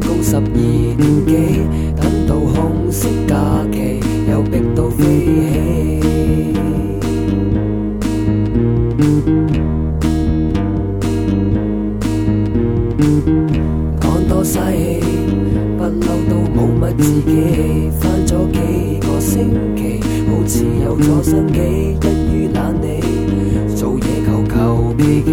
高十二年紀，等到空色假期，又逼到飛起。 講多嘥氣，不嬲都冇乜志氣。翻咗幾個星期，好似有咗新機，一於懶理做嘢求求其其。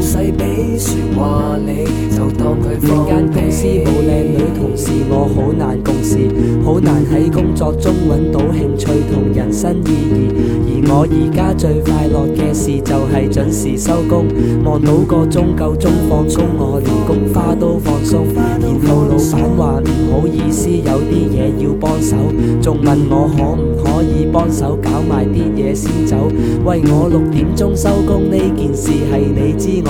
唔使俾說話你，你就當佢間公司冇靚女同事，我好難共事，好難喺工作中揾到興趣同人生意義。而我而家最快樂嘅事就係準時收工，望到個鐘夠鐘放工，我連菊花都放鬆。然後老闆話唔好意思，有啲嘢要幫手，仲問我可唔可以幫手搞埋啲嘢先走，喂，我六點鐘收工呢件事係你知我。